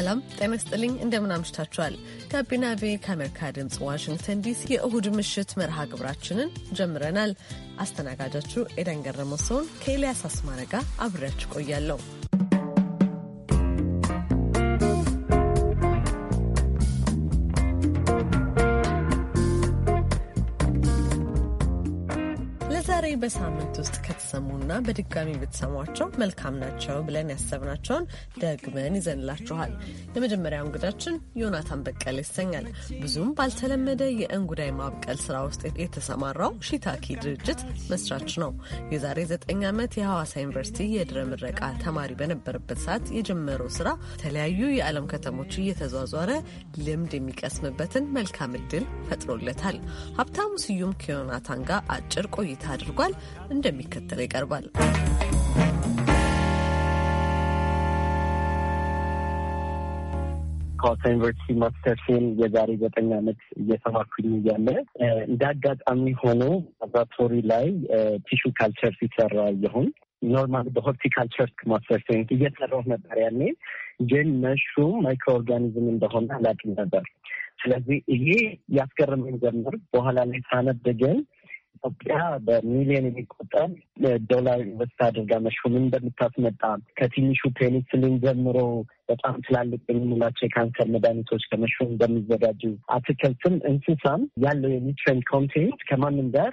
ሰላም ጤና ስጥልኝ። እንደምን አምሽታችኋል? ጋቢና ቤ ከአሜሪካ ድምፅ ዋሽንግተን ዲሲ የእሁድ ምሽት መርሃ ግብራችንን ጀምረናል። አስተናጋጃችሁ ኤደን ገረመው ሲሆን ከኤልያስ አስማረ ጋር አብሬያችሁ ቆያለሁ። ሳምንት ውስጥ ከተሰሙና በድጋሚ ብትሰሟቸው መልካም ናቸው ብለን ያሰብናቸውን ደግመን ይዘንላችኋል። የመጀመሪያው እንግዳችን ዮናታን በቀለ ይሰኛል። ብዙም ባልተለመደ የእንጉዳይ ማብቀል ስራ ውስጥ የተሰማራው ሺታኪ ድርጅት መስራች ነው። የዛሬ ዘጠኝ ዓመት የሐዋሳ ዩኒቨርሲቲ የድረ ምረቃ ተማሪ በነበረበት ሰዓት የጀመረው ስራ የተለያዩ የዓለም ከተሞች እየተዟዟረ ልምድ የሚቀስምበትን መልካም እድል ፈጥሮለታል። ሀብታሙ ስዩም ከዮናታን ጋር አጭር ቆይታ አድርጓል። እንደሚከተለው ይቀርባል። ከዋሳ ዩኒቨርሲቲ ማስተርሴን የዛሬ ዘጠኝ ዓመት እየተማርኩኝ እያለ እንደ አጋጣሚ ሆኖ ላብራቶሪ ላይ ቲሹ ካልቸር ሲሰራ እየሆን ኖርማል በሆርቲካልቸር ማስተርሴን እየሰራሁ ነበር። ያኔ ግን መሽሩም ማይክሮ ኦርጋኒዝም እንደሆነ አላውቅም ነበር። ስለዚህ ይሄ ያስገረመኝ ጀምር በኋላ ላይ ሳነብ ግን ኢትዮጵያ በሚሊዮን የሚቆጠር ዶላር ኢንቨስት አድርጋ መሽሁምን እንደምታስመጣ ከትንሹ ፔኒስሊን ጀምሮ በጣም ትላልቅ የምንላቸው የካንሰር መድኃኒቶች ከመሾ እንደሚዘጋጁ አትክልትም እንስሳም ያለው የኒውትሪንት ኮንቴንት ከማንም ጋር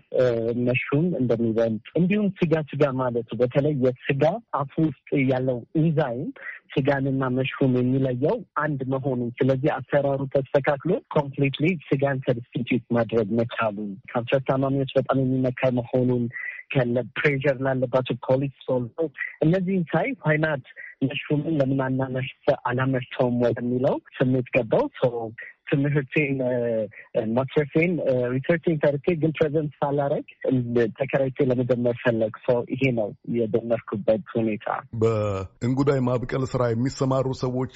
መሹም እንደሚበልጥ እንዲሁም ስጋ ስጋ ማለቱ በተለይ የስጋ አፉ ውስጥ ያለው ኢንዛይም ስጋንና መሽሩም የሚለየው አንድ መሆኑን ስለዚህ አሰራሩ ተስተካክሎ ኮምፕሊትሊ ስጋን ሰብስቲትዩት ማድረግ መቻሉን ካንሰር ታማሚዎች በጣም የሚመከር መሆኑን ከነ ፕሬር ላለባቸው ፖሊስ ሰው እነዚህን ሳይ ፋይናት ለሹምን ለምን አናመሽ አላመሽተውም ወደሚለው ስሜት ገባው። ትምህርቴን ማትረፌን ሪሰርቼን ተርኬ ግን ፕሬዘንት ሳላረግ ተከራይቼ ለመጀመር ፈለግ ሰው ይሄ ነው የደመርኩበት ሁኔታ። በእንጉዳይ ማብቀል ስራ የሚሰማሩ ሰዎች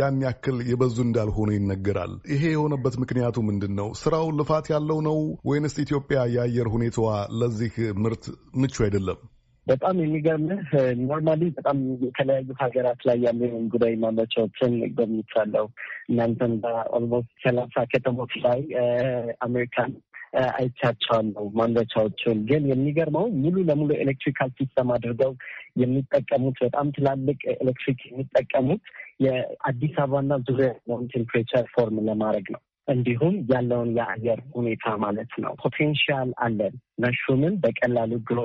ያን ያክል የበዙ እንዳልሆኑ ይነገራል። ይሄ የሆነበት ምክንያቱ ምንድን ነው? ስራው ልፋት ያለው ነው ወይንስ ኢትዮጵያ የአየር ሁኔታዋ ለዚህ ምርት ምቹ አይደለም? በጣም የሚገርምህ ኖርማሊ በጣም የተለያዩ ሀገራት ላይ ያሉ ጉዳይ ማምረቻዎችን ጎብኝቻለሁ። እናንተም በኦልሞስት ሰላሳ ከተሞች ላይ አሜሪካን አይቻቸዋለሁ ማምረቻዎችን። ግን የሚገርመው ሙሉ ለሙሉ ኤሌክትሪካል ሲስተም አድርገው የሚጠቀሙት በጣም ትላልቅ ኤሌክትሪክ የሚጠቀሙት የአዲስ አበባና ዙሪያ ያለውን ቴምፕሬቸር ፎርም ለማድረግ ነው። እንዲሁም ያለውን የአየር ሁኔታ ማለት ነው። ፖቴንሻል አለን መሾምን በቀላሉ ግሮ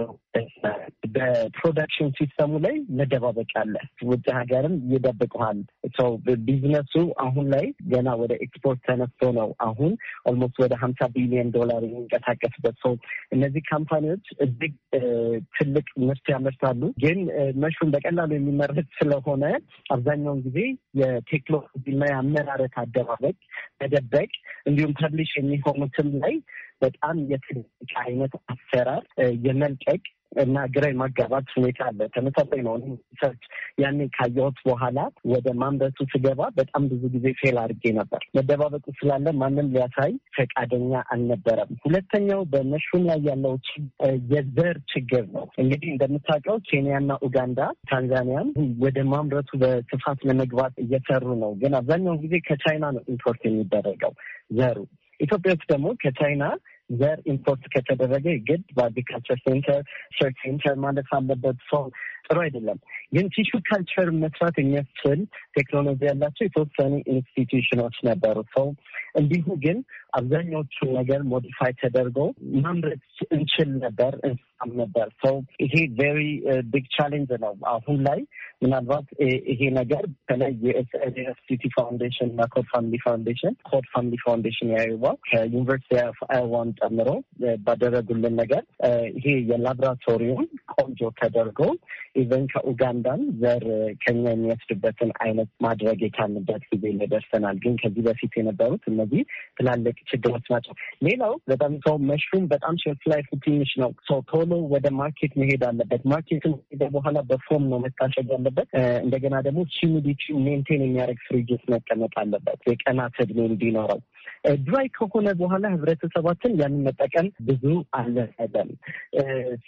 በፕሮዳክሽን ሲስተሙ ላይ መደባበቅ አለ። ውጭ ሀገርም ይደብቀሃል። ሰው ቢዝነሱ አሁን ላይ ገና ወደ ኤክስፖርት ተነስቶ ነው አሁን ኦልሞስት ወደ ሀምሳ ቢሊዮን ዶላር የሚንቀሳቀስበት ሰው። እነዚህ ካምፓኒዎች እጅግ ትልቅ ምርት ያመርታሉ። ግን መሹም በቀላሉ የሚመረት ስለሆነ አብዛኛውን ጊዜ የቴክኖሎጂና የአመራረት አደባበቅ መደበቅ እንዲሁም ፐብሊሽ የሚሆኑትም ላይ በጣም የትንጭ አይነት አሰራር የመልቀቅ እና ግራ የማጋባት ሁኔታ አለ። ተመሳሳይ ነው። ሰርች ያኔ ካየሁት በኋላ ወደ ማንበቱ ስገባ በጣም ብዙ ጊዜ ፌል አድርጌ ነበር። መደባበቁ ስላለ ማንም ሊያሳይ ፈቃደኛ አልነበረም። ሁለተኛው በመሹም ላይ ያለው የዘር ችግር ነው። እንግዲህ እንደምታውቀው ኬንያና ኡጋንዳ፣ ታንዛኒያም ወደ ማምረቱ በስፋት ለመግባት እየሰሩ ነው። ግን አብዛኛውን ጊዜ ከቻይና ነው ኢምፖርት የሚደረገው ዘሩ ኢትዮጵያ ውስጥ ደግሞ ከቻይና ዘር ኢምፖርት ከተደረገ ግድ በአግሪካልቸር ሴንተር ሪሰርች ሴንተር ማለት አለበት ሰው ጥሩ አይደለም። ግን ቲሹ ካልቸር መስራት የሚያስችል ቴክኖሎጂ ያላቸው የተወሰኑ ኢንስቲትዩሽኖች ነበሩ። ሰው እንዲሁ ግን አብዛኛዎቹ ነገር ሞዲፋይ ተደርጎ ማምረት እንችል ነበር እንስሳም ነበር። ሰው ይሄ ቬሪ ቢግ ቻሌንጅ ነው። አሁን ላይ ምናልባት uh, ይሄ ነገር በተለይ የኤስኤስሲቲ ፋውንዴሽን እና ኮድ ፋሚሊ ፋውንዴሽን ኮድ ፋሚሊ ፋውንዴሽን ያዩዋ ከዩኒቨርሲቲ ኦፍ አይዋን ጨምሮ uh, ባደረጉልን ነገር uh, ይሄ የላብራቶሪውን ቆንጆ ተደርጎ ኢቨን ከኡጋንዳም ዘር ከኛ የሚወስድበትን አይነት ማድረግ የቻልንበት ጊዜ ላይ ደርሰናል። ግን ከዚህ በፊት የነበሩት እነዚህ ትላልቅ ችግሮች ናቸው። ሌላው በጣም ሰው መሽሩም በጣም ሸልፍ ላይፉ ትንሽ ነው። ሰው ቶሎ ወደ ማርኬት መሄድ አለበት። ማርኬትን ሄደ በኋላ በፎም ነው መታሸግ አለበት። እንደገና ደግሞ ሂሚዲቲ ሜንቴን የሚያደርግ ፍሪጅ መቀመጥ አለበት የቀናት እድሜ እንዲኖረው ድራይ ከሆነ በኋላ ህብረተሰባችን ያንን መጠቀም ብዙ አልረዳም።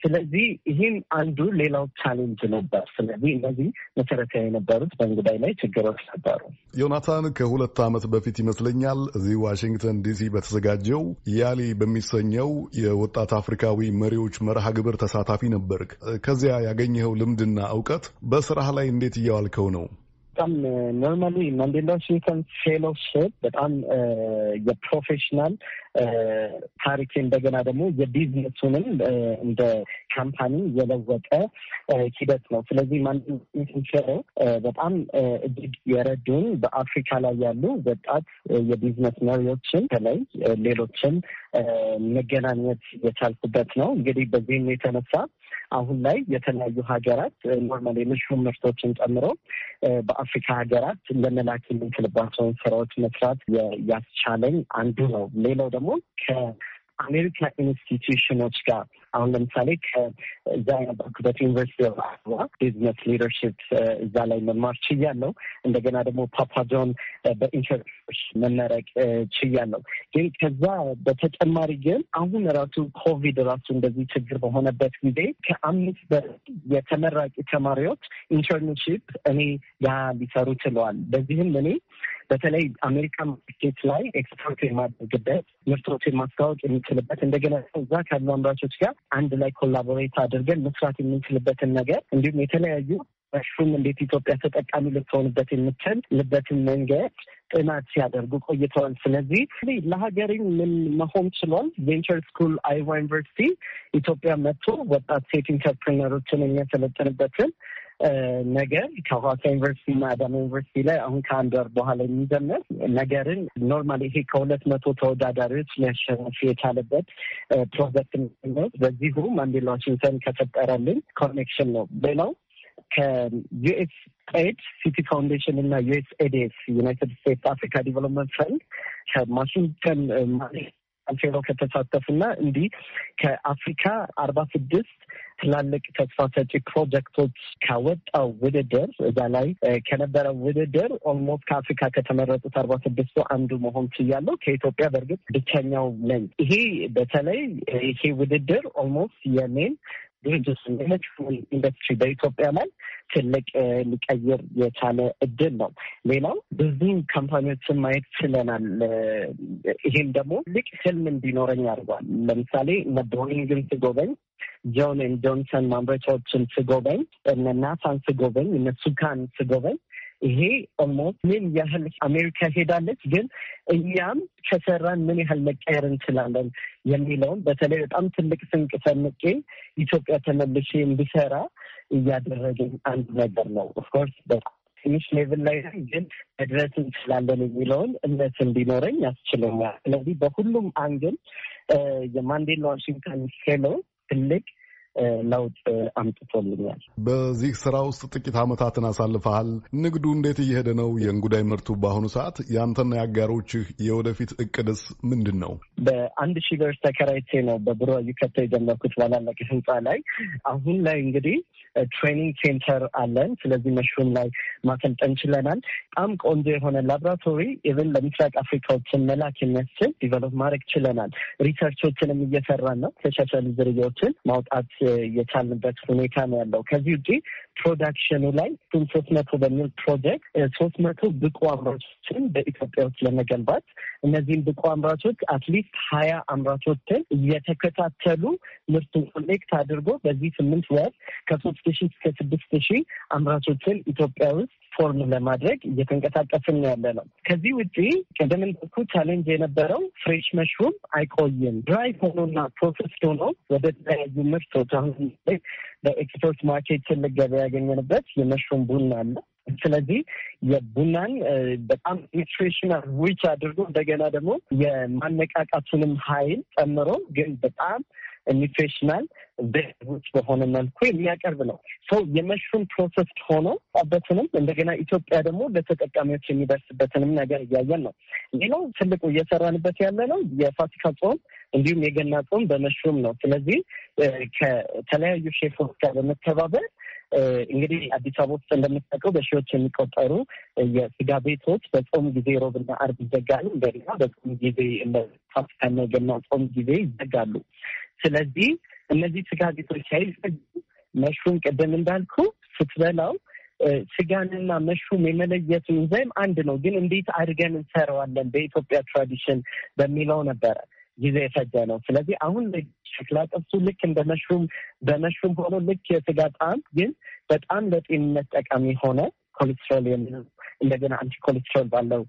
ስለዚህ ይህም አንዱ ሌላው ቻሌንጅ ነበር። ስለዚህ እነዚህ መሰረታዊ የነበሩት በእንጉዳይ ላይ ችግሮች ነበሩ። ዮናታን ከሁለት ዓመት በፊት ይመስለኛል እዚህ ዋሽንግተን ዲሲ በተዘጋጀው ያሌ በሚሰኘው የወጣት አፍሪካዊ መሪዎች መርሃ ግብር ተሳታፊ ነበርክ። ከዚያ ያገኘኸው ልምድና እውቀት በስራህ ላይ እንዴት እያዋልከው ነው? በጣም ኖርማሊ ማንዴላ ዋሽንግተን ፌሎሺፕ በጣም የፕሮፌሽናል ታሪክ እንደገና ደግሞ የቢዝነሱንም እንደ ካምፓኒ የለወጠ ሂደት ነው። ስለዚህ ማንዴላ በጣም እጅግ የረዱን በአፍሪካ ላይ ያሉ ወጣት የቢዝነስ መሪዎችን በተለይ ሌሎችን መገናኘት የቻልኩበት ነው። እንግዲህ በዚህም የተነሳ አሁን ላይ የተለያዩ ሀገራት ኖርማል የመሽሩም ምርቶችን ጨምሮ በአፍሪካ ሀገራት ለመላክ የምንችልባቸውን ስራዎች መስራት ያስቻለኝ አንዱ ነው። ሌላው ደግሞ አሜሪካ ኢንስቲትዩሽኖች ጋር አሁን ለምሳሌ ከዛ የነበርኩበት ዩኒቨርሲቲ ቢዝነስ ሊደርሽፕ እዛ ላይ መማር ችያለው። እንደገና ደግሞ ፓፓጆን በኢንተርሽ መመረቅ ችያለው። ግን ከዛ በተጨማሪ ግን አሁን ራሱ ኮቪድ ራሱ እንደዚህ ችግር በሆነበት ጊዜ ከአምስት የተመራቂ ተማሪዎች ኢንተርንሽፕ እኔ ያ ሊሰሩ ችለዋል። በዚህም እኔ በተለይ አሜሪካ ማርኬት ላይ ኤክስፖርት የማድርግበት ምርቶችን ማስታወቅ የሚችልበት እንደገና እዛ ካሉ አምራቾች ጋር አንድ ላይ ኮላቦሬት አድርገን መስራት የምንችልበትን ነገር እንዲሁም የተለያዩ በሹም እንዴት ኢትዮጵያ ተጠቃሚ ልትሆንበት የምችል ልበትን መንገድ ጥናት ሲያደርጉ ቆይተዋል። ስለዚህ ለሀገሪም ምን መሆን ችሏል። ቬንቸር ስኩል አይዋ ዩኒቨርሲቲ ኢትዮጵያ መጥቶ ወጣት ሴት ኢንተርፕሪነሮችን የሚያሰለጥንበትን ነገር ከሐዋሳ ዩኒቨርሲቲ እና አዳማ ዩኒቨርሲቲ ላይ አሁን ከአንድ ወር በኋላ የሚጀመር ነገርን ኖርማል ይሄ ከሁለት መቶ ተወዳዳሪዎች ሊያሸነፍ የቻለበት ፕሮጀክት ነው። በዚሁ ማንዴላ ዋሽንግተን ከፈጠረልን ኮኔክሽን ነው። ሌላው ከዩኤስ ኤድ ሲቲ ፋውንዴሽን እና ዩኤስ ኤድስ ዩናይትድ ስቴትስ አፍሪካ ዲቨሎፕመንት ፈንድ ከዋሽንግተን ፌሎ ከተሳተፉ እና እንዲህ ከአፍሪካ አርባ ስድስት ትላልቅ ተስፋ ሰጪ ፕሮጀክቶች ካወጣው ውድድር እዛ ላይ ከነበረው ውድድር ኦልሞስት ከአፍሪካ ከተመረጡት አርባ ስድስቱ አንዱ መሆን ችያለሁ። ከኢትዮጵያ በእርግጥ ብቸኛው ነኝ። ይሄ በተለይ ይሄ ውድድር ኦልሞስት የኔን ድርጅት ሌሎች ኢንዱስትሪ በኢትዮጵያ ላይ ትልቅ ሊቀይር የቻለ እድል ነው። ሌላው ብዙ ካምፓኒዎችን ማየት ችለናል። ይህም ደግሞ ትልቅ ህልም እንዲኖረኝ አድርጓል። ለምሳሌ እነ ቦይንግን ስጎበኝ፣ ጆን ኤንድ ጆንሰን ማምረቻዎችን ስጎበኝ፣ እነ ናሳን ስጎበኝ፣ እነ ሱካን ስጎበኝ ይሄ ኦልሞስት ምን ያህል አሜሪካ ሄዳለች፣ ግን እኛም ከሰራን ምን ያህል መቀየር እንችላለን የሚለውን በተለይ በጣም ትልቅ ስንቅ ሰንቄ ኢትዮጵያ ተመልሼ እንዲሰራ እያደረገኝ አንድ ነገር ነው። ኦፍኮርስ ትንሽ ሌቭል ላይ ግን መድረስ እንችላለን የሚለውን እምነት እንዲኖረኝ ያስችለኛል። ስለዚህ በሁሉም አንግል የማንዴላ ዋሽንግተን ፌሎ ትልቅ ለውጥ አምጥቶልኛል። በዚህ ስራ ውስጥ ጥቂት ዓመታትን አሳልፈሃል። ንግዱ እንዴት እየሄደ ነው? የእንጉዳይ ምርቱ በአሁኑ ሰዓት የአንተና የአጋሮችህ የወደፊት እቅድስ ምንድን ነው? በአንድ ሺህ ብር ተከራይቼ ነው በብሮ ይከተ የጀመርኩት ባላለቀ ህንፃ ላይ አሁን ላይ እንግዲህ ትሬኒንግ ሴንተር አለን። ስለዚህ መሽሩም ላይ ማሰልጠን ችለናል። በጣም ቆንጆ የሆነ ላብራቶሪ ኢቨን ለምስራቅ አፍሪካዎችን መላክ የሚያስችል ዲቨሎፕ ማድረግ ችለናል። ሪሰርቾችንም እየሰራን ነው። ተሻሻሉ ዝርያዎችን ማውጣት የቻልንበት ሁኔታ ነው ያለው። ከዚህ ውጪ ፕሮዳክሽኑ ላይ ቱም ሶስት መቶ በሚል ፕሮጀክት ሶስት መቶ ብቁ አምራቾችን በኢትዮጵያ ውስጥ ለመገንባት እነዚህም ብቁ አምራቾች አትሊስት ሀያ አምራቾችን እየተከታተሉ ምርቱን ኮሌክት አድርጎ በዚህ ስምንት ወር ከሶስት ሺ እስከ ስድስት ሺ አምራቾችን ኢትዮጵያ ውስጥ ፎርም ለማድረግ እየተንቀሳቀስን ያለ ነው። ከዚህ ውጭ ቅድም እንዳልኩ ቻሌንጅ የነበረው ፍሬሽ መሽሩም አይቆይም። ድራይ ሆኖና ፕሮሰስ ሆኖ ወደ ተለያዩ ምርቶች አሁን በኤክስፖርት ማርኬት ትልቅ ገበያ ያገኘንበት የመሽሩም ቡና አለ። ስለዚህ የቡናን በጣም ኒትሪሽናል ዊች አድርጎ እንደገና ደግሞ የማነቃቃቱንም ኃይል ጨምሮ ግን በጣም ኒትሪሽናል ቤች በሆነ መልኩ የሚያቀርብ ነው። ሰው የመሹም ፕሮሰስ ሆኖ በትንም እንደገና ኢትዮጵያ ደግሞ ለተጠቃሚዎች የሚደርስበትንም ነገር እያየን ነው። ሌላው ትልቁ እየሰራንበት ያለ ነው የፋሲካ ጾም እንዲሁም የገና ጾም በመሹም ነው። ስለዚህ ከተለያዩ ሼፎች ጋር በመተባበር እንግዲህ አዲስ አበባ ውስጥ እንደምታውቀው በሺዎች የሚቆጠሩ የስጋ ቤቶች በጾም ጊዜ ሮብና አርብ ይዘጋሉ። እንደገና በጾም ጊዜ ፋሲካና የገና ጾም ጊዜ ይዘጋሉ። ስለዚህ እነዚህ ስጋ ቤቶች ሳይዘጉ መሹም ቅድም እንዳልኩ ስትበላው ስጋንና መሹም የመለየቱ ዘይም አንድ ነው፣ ግን እንዴት አድርገን እንሰራዋለን በኢትዮጵያ ትራዲሽን በሚለው ነበረ ጊዜ የፈጀ ነው። ስለዚህ አሁን ሸክላ ጥብሱ ልክ እንደ መሽሩም በመሽሩም ሆኖ ልክ የስጋ ጣዕም ግን በጣም ለጤንነት ጠቃሚ ሆነ ኮሌስትሮል እንደገና አንቲ ኮሌስትሮል ባለው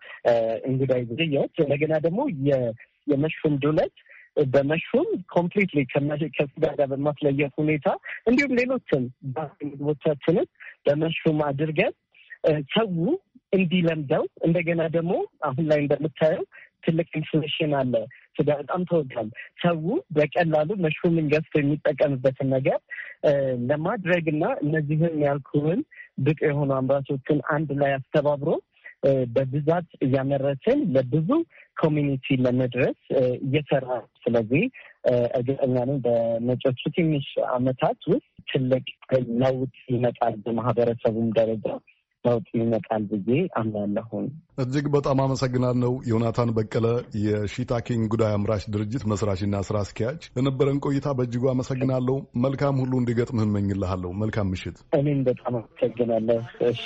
እንጉዳይ ዝርያዎች እንደገና ደግሞ የመሽሩም ዱለት በመሹም ኮምፕሊትሊ ከስጋ ጋር በማስለየት ሁኔታ እንዲሁም ሌሎችን ምግቦቻችንን በመሹም አድርገን ሰው እንዲለምደው እንደገና ደግሞ አሁን ላይ እንደምታየው ትልቅ ኢንፍሌሽን አለ በጣም ተወዷል። ሰው በቀላሉ መሽሩምን ገዝቶ የሚጠቀምበትን ነገር ለማድረግ እና እነዚህም ያልኩህን ብቅ የሆኑ አምራቾችን አንድ ላይ አስተባብሮ በብዛት እያመረትን ለብዙ ኮሚኒቲ ለመድረስ እየሰራ ስለዚህ እርግጠኛ ነኝ በመጪዎቹ ትንሽ ዓመታት ውስጥ ትልቅ ለውጥ ይመጣል በማህበረሰቡም ደረጃ። ለውጥ ይመጣል ብዬ አምናለሁን። እጅግ በጣም አመሰግናለሁ። ዮናታን በቀለ የሺታኪን ጉዳይ አምራች ድርጅት መስራችና ስራ አስኪያጅ፣ ለነበረን ቆይታ በእጅጉ አመሰግናለሁ። መልካም ሁሉ እንዲገጥምህ እመኝልሃለሁ። መልካም ምሽት። እኔም በጣም አመሰግናለሁ። እሺ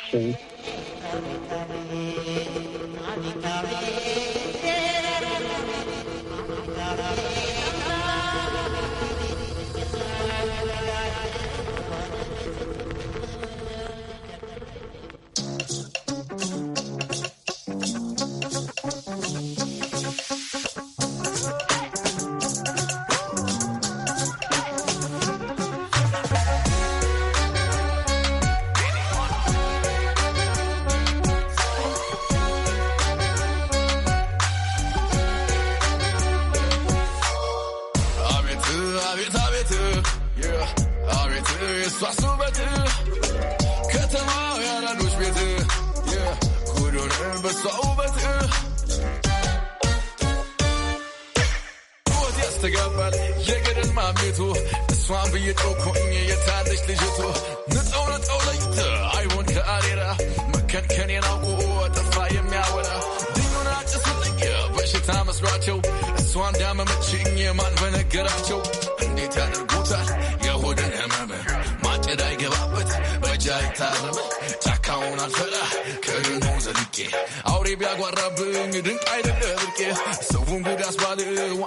አጓራብኝ ድንቅ አይደለ ብርቄ ሰውን ጉድ አስባል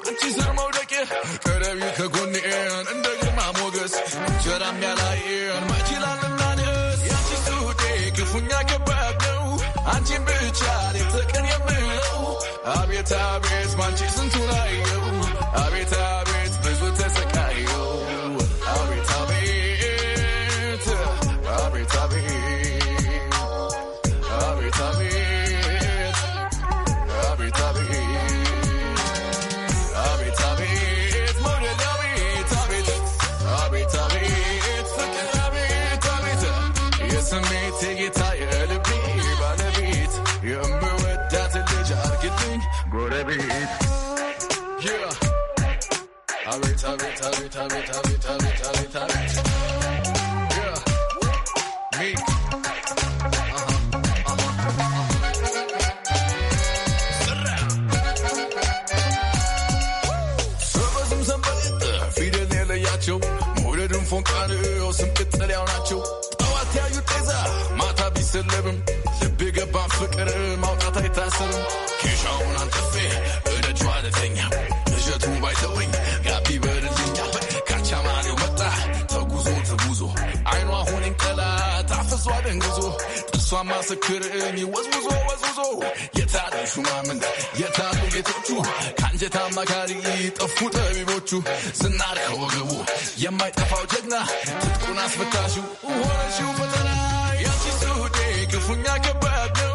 አንቺ ስር መውደቄ ከረቢ ከጎኔን እንደ ግርማ ሞገስ ጀራም ያላየን ማችላልናንስ ያንቺ ሱዴ ክፉኛ ከባድ ነው አንቺን ብቻ ሌት ተቀን የምለው አቤት አቤት ማንቺ ስንቱ abbit, abbit, abbit, abbit, abbit, abbit. Yeah. Meek. Uh-huh. Uh-huh. Uh-huh. Uh-huh. and guzo. Tuswa massacre and you was wuzo, was wuzo. Yet I do shumaman, yet I do get you. Kanjeta Magari eat a foot every boat you. Senara Hogabu, you might have out Jedna. Tukunas Batashu, who was you for the night? Yachi Sude, Kufunyaka Babu,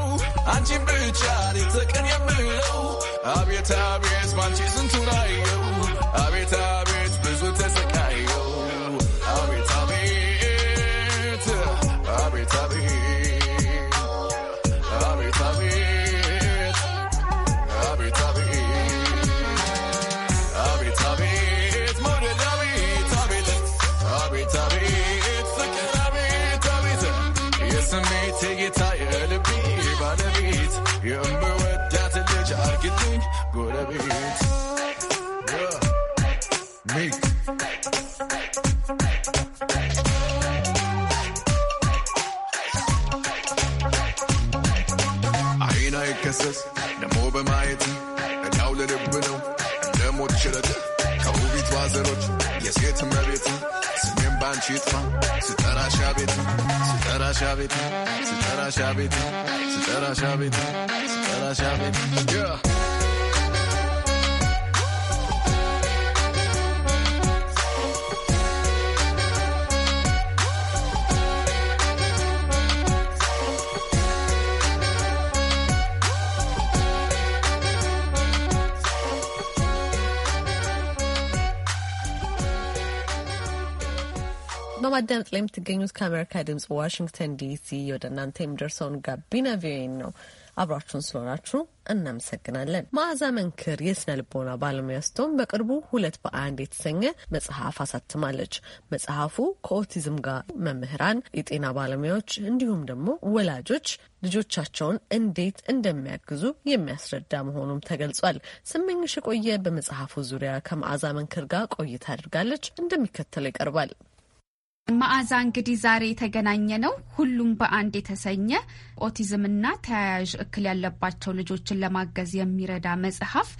Anchi Buchari, Takanya Mulu. Abiet Abiet, Manchis and Tunayo. Abiet Abiet, Bizu Tesakayo. የምወዳት ልጅ አርግልኝ ጎረቤት ሚክ አይን አይከሰስ ደሞ በማየት እዳው ለልብ ነው እንደሞት ችረት ከውቢቷ ዘሮች የሴት መቤት ስሜን ባንቺ ይጥፋ ስጠራሻ ቤት ስጠራሻ ቤት ስጠራሻ ቤት ስጠራሻ ቤት las llaves. Yeah. በማዳመጥ ላይ የምትገኙት ከአሜሪካ ድምጽ ዋሽንግተን ዲሲ ወደ እናንተ የሚደርሰውን ጋቢና ቪኦኤ ነው። አብራችሁን ስለሆናችሁ እናመሰግናለን። መዓዛ መንክር የስነ ልቦና ባለሙያ ስትሆን በቅርቡ ሁለት በአንድ የተሰኘ መጽሐፍ አሳትማለች። መጽሐፉ ከኦቲዝም ጋር መምህራን፣ የጤና ባለሙያዎች እንዲሁም ደግሞ ወላጆች ልጆቻቸውን እንዴት እንደሚያግዙ የሚያስረዳ መሆኑም ተገልጿል። ስመኝሽ የቆየ በመጽሐፉ ዙሪያ ከመዓዛ መንክር ጋር ቆይታ አድርጋለች። እንደሚከተለው ይቀርባል። መዓዛ እንግዲህ ዛሬ የተገናኘ ነው ሁሉም በአንድ የተሰኘ ኦቲዝምና ተያያዥ እክል ያለባቸው ልጆችን ለማገዝ የሚረዳ መጽሐፍ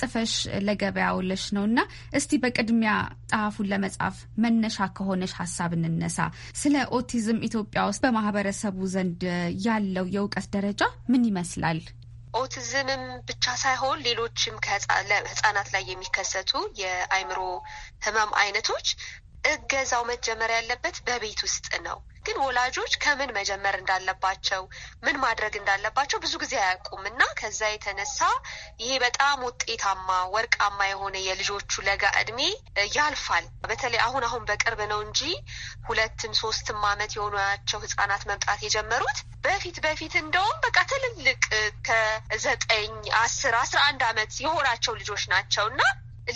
ጽፈሽ ለገበያ ውለሽ ነው እና እስቲ በቅድሚያ ጸሐፉን ለመጻፍ መነሻ ከሆነሽ ሀሳብ እንነሳ። ስለ ኦቲዝም ኢትዮጵያ ውስጥ በማህበረሰቡ ዘንድ ያለው የእውቀት ደረጃ ምን ይመስላል? ኦቲዝምም ብቻ ሳይሆን ሌሎችም ከህጻናት ላይ የሚከሰቱ የአይምሮ ህመም አይነቶች እገዛው መጀመር ያለበት በቤት ውስጥ ነው። ግን ወላጆች ከምን መጀመር እንዳለባቸው ምን ማድረግ እንዳለባቸው ብዙ ጊዜ አያውቁም እና ከዛ የተነሳ ይሄ በጣም ውጤታማ ወርቃማ የሆነ የልጆቹ ለጋ እድሜ ያልፋል። በተለይ አሁን አሁን በቅርብ ነው እንጂ ሁለትም ሶስትም ዓመት የሆኗቸው ህጻናት መምጣት የጀመሩት በፊት በፊት እንደውም በቃ ትልልቅ ከዘጠኝ አስር አስራ አንድ ዓመት የሆናቸው ልጆች ናቸው እና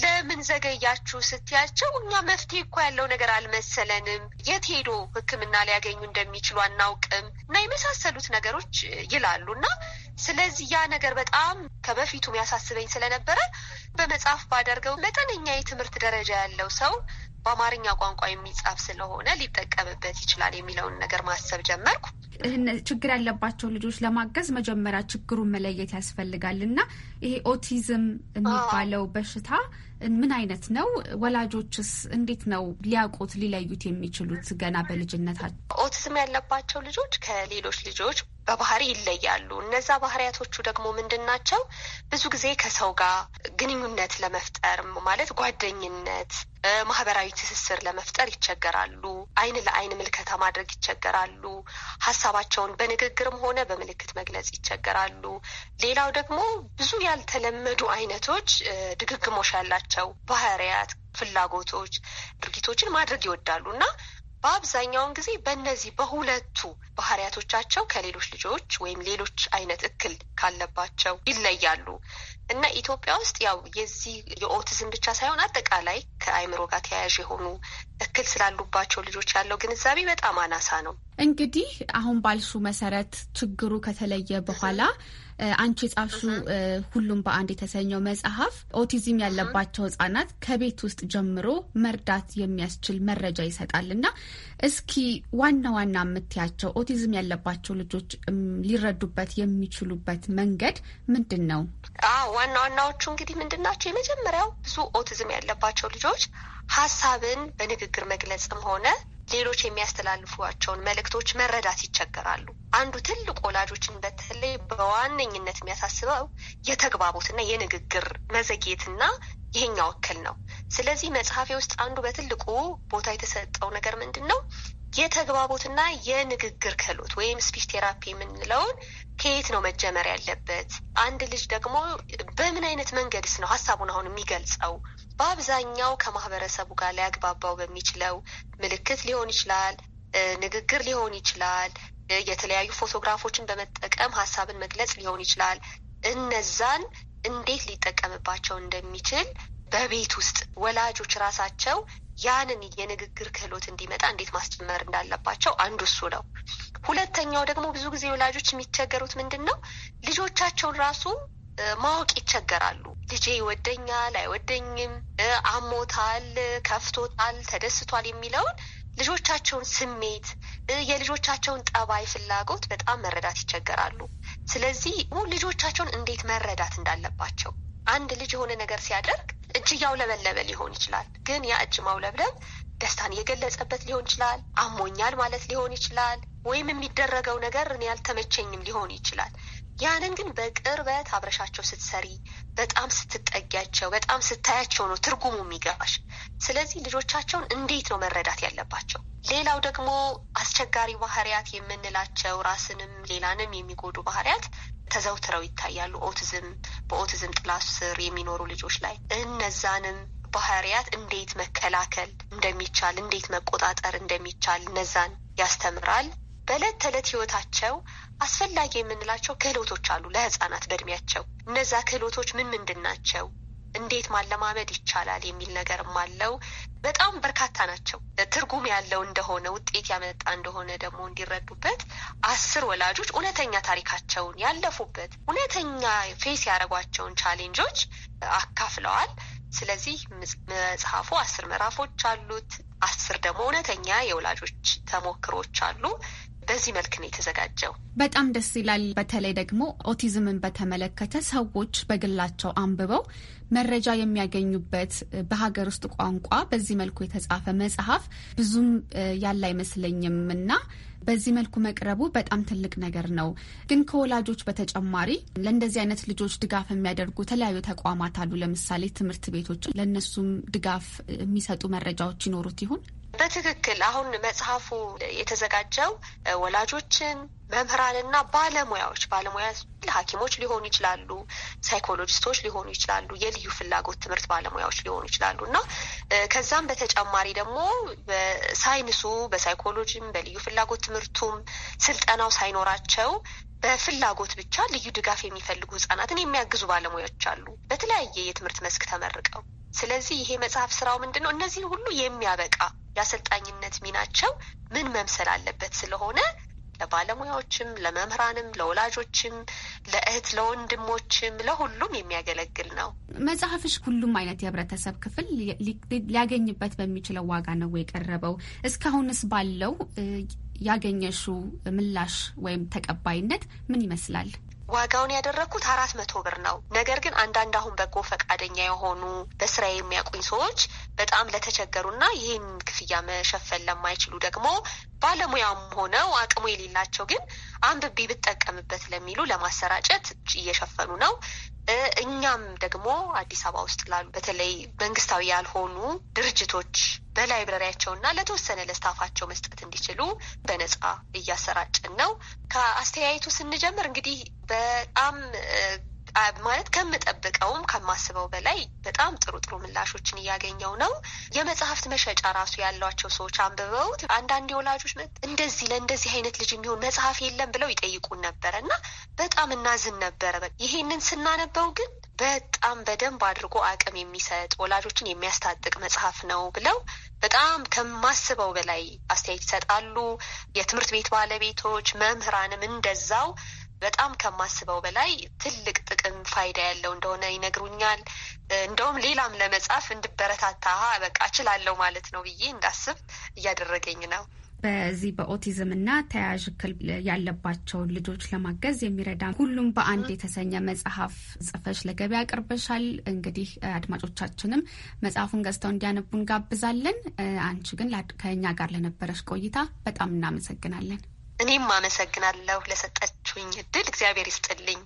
ለምን ዘገያችሁ ስትያቸው እኛ መፍትሄ እኮ ያለው ነገር አልመሰለንም፣ የት ሄዶ ሕክምና ሊያገኙ እንደሚችሉ አናውቅም እና የመሳሰሉት ነገሮች ይላሉ እና ስለዚህ ያ ነገር በጣም ከበፊቱ ያሳስበኝ ስለነበረ በመጽሐፍ ባደርገው መጠነኛ የትምህርት ደረጃ ያለው ሰው በአማርኛ ቋንቋ የሚጻፍ ስለሆነ ሊጠቀምበት ይችላል የሚለውን ነገር ማሰብ ጀመርኩ። ይህን ችግር ያለባቸው ልጆች ለማገዝ መጀመሪያ ችግሩን መለየት ያስፈልጋል እና ይሄ ኦቲዝም የሚባለው በሽታ ምን አይነት ነው? ወላጆችስ እንዴት ነው ሊያውቁት ሊለዩት የሚችሉት ገና በልጅነታቸው? ኦቲዝም ያለባቸው ልጆች ከሌሎች ልጆች በባህሪ ይለያሉ። እነዛ ባህሪያቶቹ ደግሞ ምንድን ናቸው? ብዙ ጊዜ ከሰው ጋር ግንኙነት ለመፍጠር ማለት ጓደኝነት፣ ማህበራዊ ትስስር ለመፍጠር ይቸገራሉ። አይን ለአይን ምልከታ ማድረግ ይቸገራሉ። ሀሳባቸውን በንግግርም ሆነ በምልክት መግለጽ ይቸገራሉ። ሌላው ደግሞ ብዙ ያልተለመዱ አይነቶች ድግግሞሽ ያላቸው ባህሪያት፣ ፍላጎቶች፣ ድርጊቶችን ማድረግ ይወዳሉ እና በአብዛኛውን ጊዜ በእነዚህ በሁለቱ ባህሪያቶቻቸው ከሌሎች ልጆች ወይም ሌሎች አይነት እክል ካለባቸው ይለያሉ። እና ኢትዮጵያ ውስጥ ያው የዚህ የኦቲዝም ብቻ ሳይሆን አጠቃላይ ከአይምሮ ጋር ተያያዥ የሆኑ እክል ስላሉባቸው ልጆች ያለው ግንዛቤ በጣም አናሳ ነው። እንግዲህ አሁን ባልሹ መሰረት ችግሩ ከተለየ በኋላ አንቺ የጻፍሹ ሁሉም በአንድ የተሰኘው መጽሐፍ ኦቲዝም ያለባቸው ህጻናት ከቤት ውስጥ ጀምሮ መርዳት የሚያስችል መረጃ ይሰጣል እና እስኪ ዋና ዋና የምትያቸው ኦቲዝም ያለባቸው ልጆች ሊረዱበት የሚችሉበት መንገድ ምንድን ነው? አዎ ዋና ዋናዎቹ እንግዲህ ምንድን ናቸው? የመጀመሪያው ብዙ ኦቲዝም ያለባቸው ልጆች ሀሳብን በንግግር መግለጽም ሆነ ሌሎች የሚያስተላልፏቸውን መልእክቶች መረዳት ይቸገራሉ። አንዱ ትልቅ ወላጆችን በተለይ በዋነኝነት የሚያሳስበው የተግባቦትና የንግግር መዘግየትና ይሄኛው እክል ነው። ስለዚህ መጽሐፌ ውስጥ አንዱ በትልቁ ቦታ የተሰጠው ነገር ምንድን ነው? የተግባቦትና የንግግር ክህሎት ወይም ስፒች ቴራፒ የምንለውን ከየት ነው መጀመር ያለበት? አንድ ልጅ ደግሞ በምን አይነት መንገድስ ነው ሀሳቡን አሁን የሚገልጸው? በአብዛኛው ከማህበረሰቡ ጋር ሊያግባባው በሚችለው ምልክት ሊሆን ይችላል፣ ንግግር ሊሆን ይችላል፣ የተለያዩ ፎቶግራፎችን በመጠቀም ሀሳብን መግለጽ ሊሆን ይችላል። እነዛን እንዴት ሊጠቀምባቸው እንደሚችል በቤት ውስጥ ወላጆች ራሳቸው ያንን የንግግር ክህሎት እንዲመጣ እንዴት ማስጨመር እንዳለባቸው አንዱ እሱ ነው። ሁለተኛው ደግሞ ብዙ ጊዜ ወላጆች የሚቸገሩት ምንድን ነው፣ ልጆቻቸውን ራሱ ማወቅ ይቸገራሉ። ልጄ ይወደኛል አይወደኝም፣ አሞታል፣ ከፍቶታል፣ ተደስቷል የሚለውን ልጆቻቸውን ስሜት፣ የልጆቻቸውን ጠባይ፣ ፍላጎት በጣም መረዳት ይቸገራሉ። ስለዚህ ልጆቻቸውን እንዴት መረዳት እንዳለባቸው አንድ ልጅ የሆነ ነገር ሲያደርግ እጅ እያውለበለበ ሊሆን ይችላል። ግን ያ እጅ ማውለብለብ ደስታን እየገለጸበት ሊሆን ይችላል። አሞኛል ማለት ሊሆን ይችላል። ወይም የሚደረገው ነገር እኔ ያልተመቸኝም ሊሆን ይችላል። ያንን ግን በቅርበት አብረሻቸው ስትሰሪ፣ በጣም ስትጠጊያቸው፣ በጣም ስታያቸው ነው ትርጉሙ የሚገባሽ። ስለዚህ ልጆቻቸውን እንዴት ነው መረዳት ያለባቸው? ሌላው ደግሞ አስቸጋሪ ባህሪያት የምንላቸው ራስንም ሌላንም የሚጎዱ ባህሪያት ተዘውትረው ይታያሉ። ኦቲዝም በኦቲዝም ጥላ ስር የሚኖሩ ልጆች ላይ እነዛንም ባህሪያት እንዴት መከላከል እንደሚቻል፣ እንዴት መቆጣጠር እንደሚቻል እነዛን ያስተምራል። በዕለት ተዕለት ህይወታቸው አስፈላጊ የምንላቸው ክህሎቶች አሉ። ለህጻናት በእድሜያቸው እነዛ ክህሎቶች ምን ምንድን ናቸው? እንዴት ማለማመድ ይቻላል የሚል ነገርም አለው። በጣም በርካታ ናቸው። ትርጉም ያለው እንደሆነ ውጤት ያመጣ እንደሆነ ደግሞ እንዲረዱበት አስር ወላጆች እውነተኛ ታሪካቸውን ያለፉበት እውነተኛ ፌስ ያደረጓቸውን ቻሌንጆች አካፍለዋል። ስለዚህ መጽሐፉ አስር ምዕራፎች አሉት። አስር ደግሞ እውነተኛ የወላጆች ተሞክሮች አሉ። በዚህ መልክ ነው የተዘጋጀው። በጣም ደስ ይላል። በተለይ ደግሞ ኦቲዝምን በተመለከተ ሰዎች በግላቸው አንብበው መረጃ የሚያገኙበት በሀገር ውስጥ ቋንቋ በዚህ መልኩ የተጻፈ መጽሐፍ ብዙም ያለ አይመስለኝም እና በዚህ መልኩ መቅረቡ በጣም ትልቅ ነገር ነው። ግን ከወላጆች በተጨማሪ ለእንደዚህ አይነት ልጆች ድጋፍ የሚያደርጉ የተለያዩ ተቋማት አሉ። ለምሳሌ ትምህርት ቤቶች ለእነሱም ድጋፍ የሚሰጡ መረጃዎች ይኖሩት ይሆን? በትክክል አሁን መጽሐፉ የተዘጋጀው ወላጆችን መምህራንና ባለሙያዎች ባለሙያ ሐኪሞች ሊሆኑ ይችላሉ፣ ሳይኮሎጂስቶች ሊሆኑ ይችላሉ፣ የልዩ ፍላጎት ትምህርት ባለሙያዎች ሊሆኑ ይችላሉ እና ከዛም በተጨማሪ ደግሞ በሳይንሱ በሳይኮሎጂም በልዩ ፍላጎት ትምህርቱም ስልጠናው ሳይኖራቸው በፍላጎት ብቻ ልዩ ድጋፍ የሚፈልጉ ህጻናትን የሚያግዙ ባለሙያዎች አሉ በተለያየ የትምህርት መስክ ተመርቀው። ስለዚህ ይሄ መጽሐፍ ስራው ምንድን ነው እነዚህ ሁሉ የሚያበቃ የአሰልጣኝነት ሚናቸው ምን መምሰል አለበት ስለሆነ ለባለሙያዎችም፣ ለመምህራንም፣ ለወላጆችም፣ ለእህት ለወንድሞችም፣ ለሁሉም የሚያገለግል ነው። መጽሐፍሽ ሁሉም አይነት የህብረተሰብ ክፍል ሊያገኝበት በሚችለው ዋጋ ነው የቀረበው። እስካሁንስ ባለው ያገኘሹ ምላሽ ወይም ተቀባይነት ምን ይመስላል? ዋጋውን ያደረግኩት አራት መቶ ብር ነው። ነገር ግን አንዳንድ አሁን በጎ ፈቃደኛ የሆኑ በስራ የሚያውቁኝ ሰዎች በጣም ለተቸገሩና ይህን ክፍያ መሸፈን ለማይችሉ ደግሞ ባለሙያም ሆነው አቅሙ የሌላቸው ግን አንብቤ ብጠቀምበት ለሚሉ ለማሰራጨት እየሸፈኑ ነው። እኛም ደግሞ አዲስ አበባ ውስጥ ላሉ በተለይ መንግስታዊ ያልሆኑ ድርጅቶች በላይብረሪያቸውና ለተወሰነ ለስታፋቸው መስጠት እንዲችሉ በነጻ እያሰራጭን ነው። ከአስተያየቱ ስንጀምር እንግዲህ በጣም ማለት ከምጠብቀውም ከማስበው በላይ በጣም ጥሩ ጥሩ ምላሾችን እያገኘው ነው። የመጽሐፍት መሸጫ ራሱ ያሏቸው ሰዎች አንብበውት አንዳንድ የወላጆች እንደዚህ ለእንደዚህ አይነት ልጅ የሚሆን መጽሐፍ የለም ብለው ይጠይቁን ነበረ እና በጣም እናዝን ነበረ። ይሄንን ስናነበው ግን በጣም በደንብ አድርጎ አቅም የሚሰጥ ወላጆችን የሚያስታጥቅ መጽሐፍ ነው ብለው በጣም ከማስበው በላይ አስተያየት ይሰጣሉ። የትምህርት ቤት ባለቤቶች መምህራንም እንደዛው በጣም ከማስበው በላይ ትልቅ ጥቅም ፋይዳ ያለው እንደሆነ ይነግሩኛል። እንደውም ሌላም ለመጻፍ እንድበረታታ በቃ እችላለሁ ማለት ነው ብዬ እንዳስብ እያደረገኝ ነው። በዚህ በኦቲዝም እና ተያያዥ እክል ያለባቸውን ልጆች ለማገዝ የሚረዳ ሁሉም በአንድ የተሰኘ መጽሐፍ ጽፈሽ ለገበያ አቅርበሻል። እንግዲህ አድማጮቻችንም መጽሐፉን ገዝተው እንዲያነቡ እንጋብዛለን። አንቺ ግን ከእኛ ጋር ለነበረሽ ቆይታ በጣም እናመሰግናለን። እኔም አመሰግናለሁ ለሰጠች ላደረጋችሁኝ እድል እግዚአብሔር ይስጥልኝ።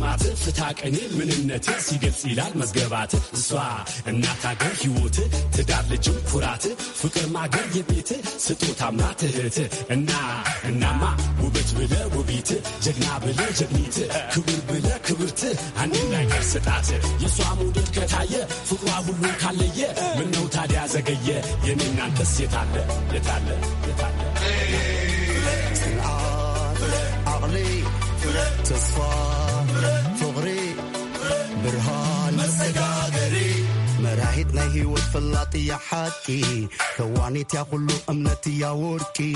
ማት ፍታ ቀኔ ምንነት ሲገልጽ ይላል መዝገባት እሷ እናት አገር ህይወት ትዳር ልጅም ኩራት ፍቅር ማገር የቤት ስጦታ ትህት እና እናማ ውበት ብለ ውቢት ጀግና ብለ ጀግኒት ክብር ብለ ክብርት አንድ ነገር ስጣት የእሷ ሙድል ከታየ ፍቅሯ ሁሉ ካለየ ምነው ታዲያ ዘገየ የኔ የታለ የታለ የታለ Just باهي والفلاطي يا حاتي ثوانيت يا قلو امنتي يا وركي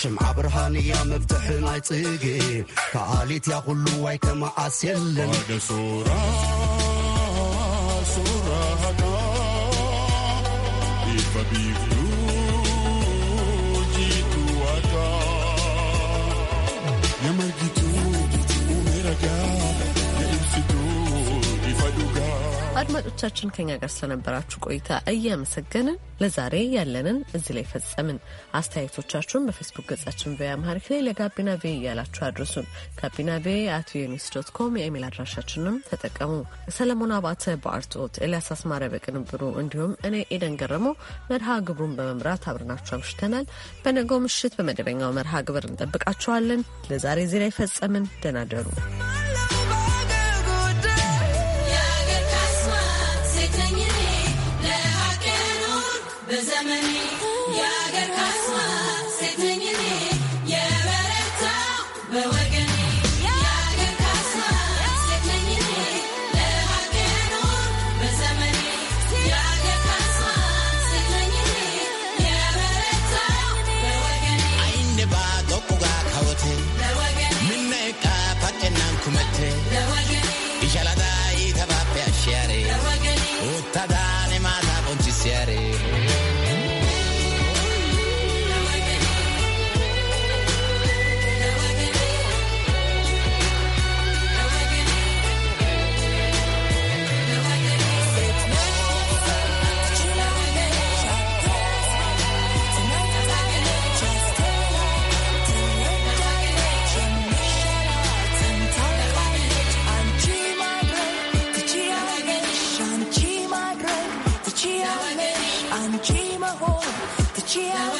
شمعة برهاني يا مفتح نايتيقي كعاليت يا قلو واي كما عاس يلن አድማጮቻችን ከኛ ጋር ስለነበራችሁ ቆይታ እያመሰገንን ለዛሬ ያለንን እዚህ ላይ ፈጸምን። አስተያየቶቻችሁን በፌስቡክ ገጻችን ቪኦኤ አማሪክ ላይ ለጋቢና ቪኦኤ እያላችሁ አድርሱን። ጋቢና ቪኦኤ አት ቪኦኤ ኒውስ ዶት ኮም የኢሜል አድራሻችንም ተጠቀሙ። ሰለሞን አባተ በአርትኦት፣ ኤልያስ አስማረ በቅንብሩ እንዲሁም እኔ ኤደን ገረሞ መርሃ ግብሩን በመምራት አብረናችሁ አምሽተናል። በነገው ምሽት በመደበኛው መርሃ ግብር እንጠብቃችኋለን። ለዛሬ እዚህ ላይ ፈጸምን። ደናደሩ Yeah.